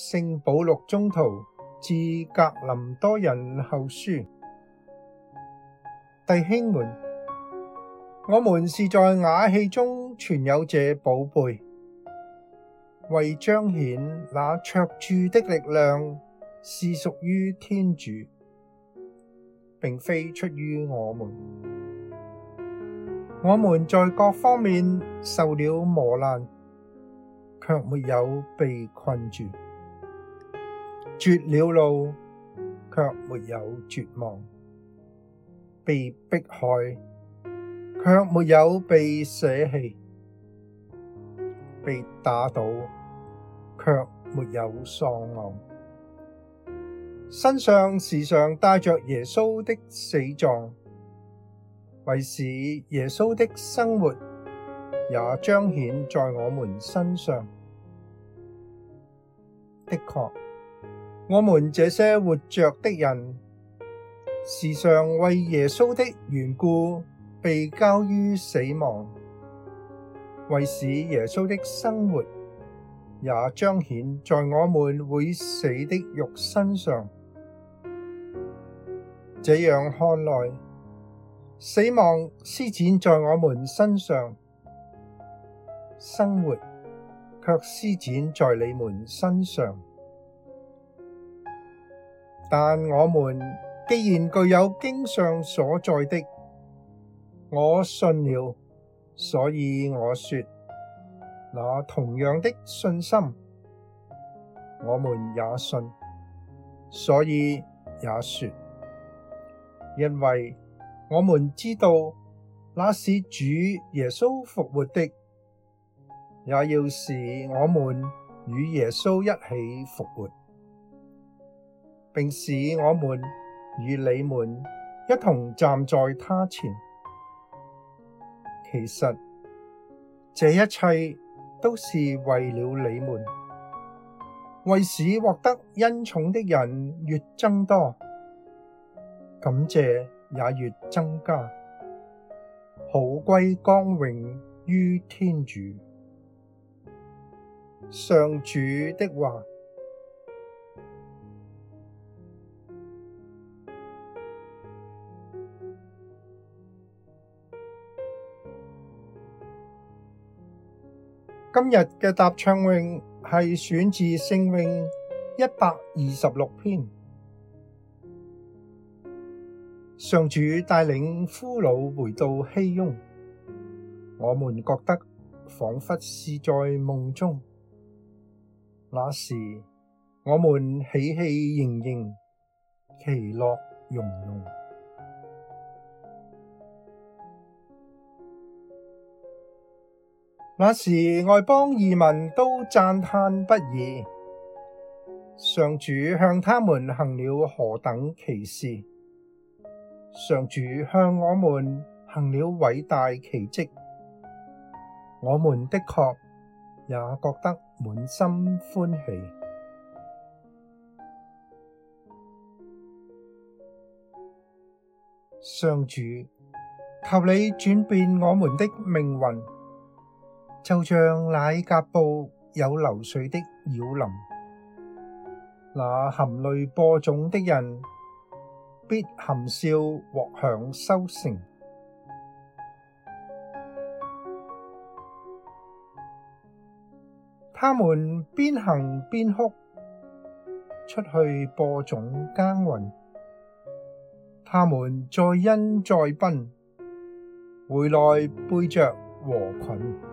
聖保祿宗徒致格林多人後書，弟兄們，我們是在瓦器中存有這寶貝，為彰顯那卓著的力量是屬於天主，並非出於我們。我們在各方面受了磨難，却沒有被困住。絕了路，卻沒有絕望；被迫害，卻沒有被捨棄；被打倒，卻沒有喪亡。身上時常帶着耶穌的死狀，為使耶穌的生活也彰顯在我們身上。的確。我們這些活着的人，時常為耶穌的緣故被交於死亡，為使耶穌的生活也彰顯在我們會死的肉身上。這樣看來，死亡施展在我們身上，生活卻施展在你們身上。但我們既然具有經上所載的，我信了，所以我說，那同樣的信心，我們也信，所以也說，因為我們知道，那使主耶穌復活的，也要使我們與耶穌一起復活。並使我們與你們一同站在他前，其實這一切都是為了你們，為使獲得恩寵的人越增多，感謝也越增加，好歸光榮於天主。上主的話。今日嘅《答唱詠》，係選自《聖詠》一百二十六篇。上主帶領俘虜回到熙雍，我們覺得仿佛是在夢中。那時我們喜氣盈盈，其樂融融。那時，外邦異民都讚歎不已，上主向他們行了何等奇事，上主向我們行了偉大奇蹟，我們的確也覺得滿心歡喜。上主，求你轉變我們的命運。就像乃革布有流水的澆淋，那含淚播種的人，必含笑獲享收成。他們邊行邊哭，出去播種耕耘，他們載欣載奔，回來背着禾捆。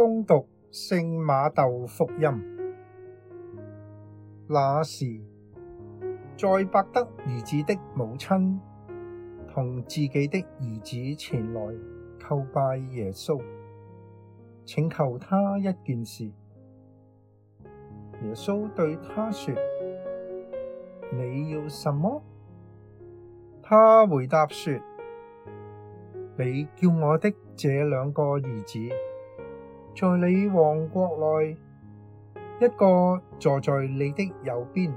恭讀聖瑪竇福音，那時，載伯德兒子的母親同自己的兒子前來叩拜耶穌，請求他一件事。耶穌對她說：你要什麼？她回答說：你叫我的這兩個兒子。在你王國內，一個坐在你的右邊，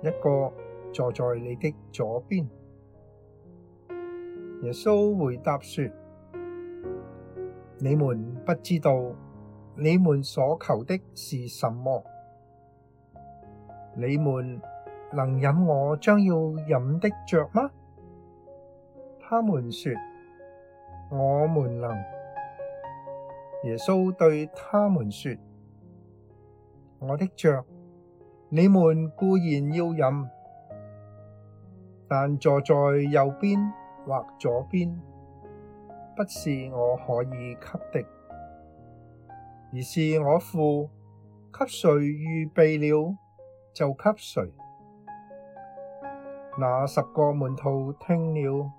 一個坐在你的左邊。耶穌回答說：你們不知道你們所求的是什麼。你們能飲我將要飲的爵嗎？他們說：我們能。耶穌對他們說：我的爵，你們固然要飲，但坐在右邊或左邊，不是我可以給的，而是我父給誰預備了，就給誰。那十個門徒聽了，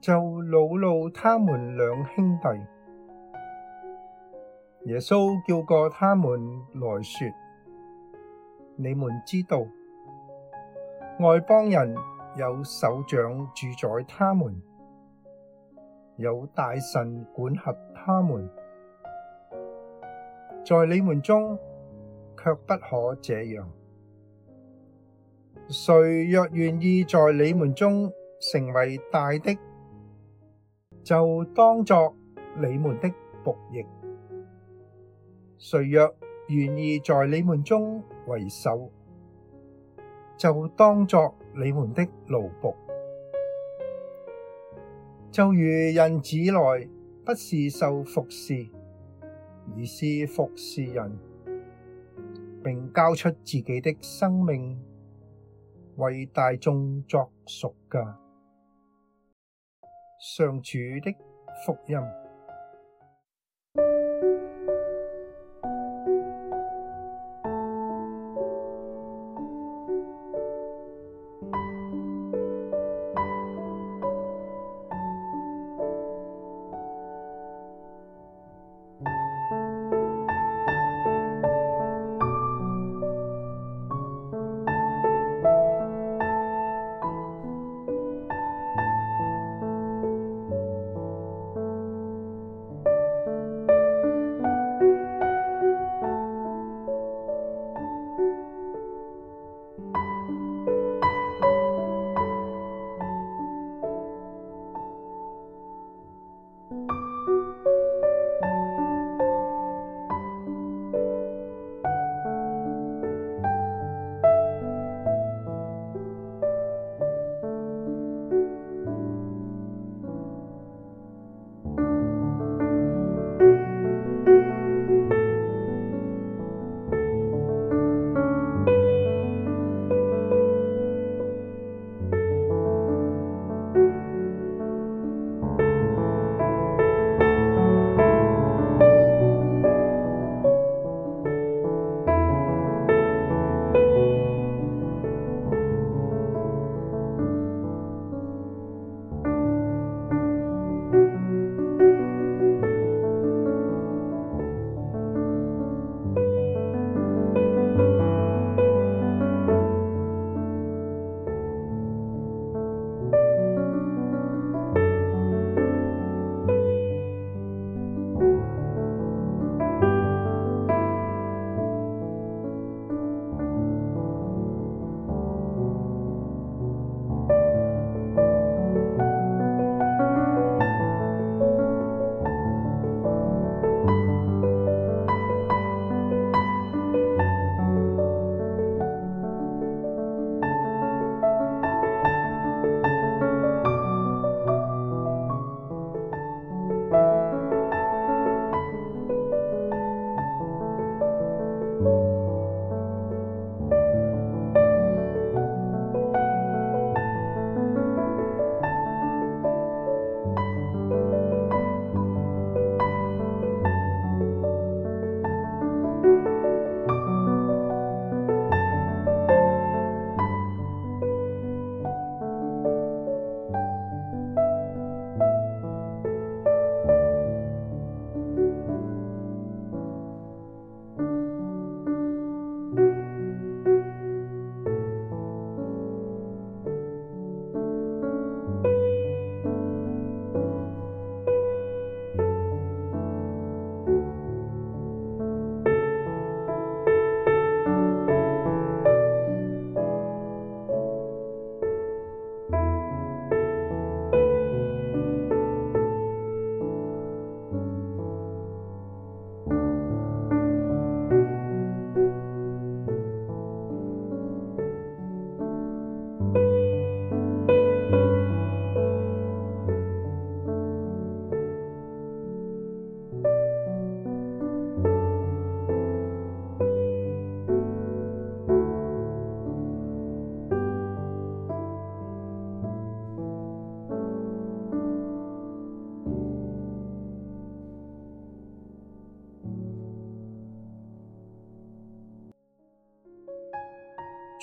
就惱怒他們兩兄弟。耶穌叫過他們來說：你們知道，外邦人有首長主宰他們，有大臣管轄他們，在你們中卻不可這樣。誰若願意在你們中成為大的，就當作你們的僕役。誰若願意在你們中為首，就當作你們的奴僕；就如人子來，不是受服侍，而是服侍人，並交出自己的生命為大眾作贖價。上主的福音。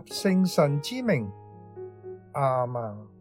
及聖神之名，阿們。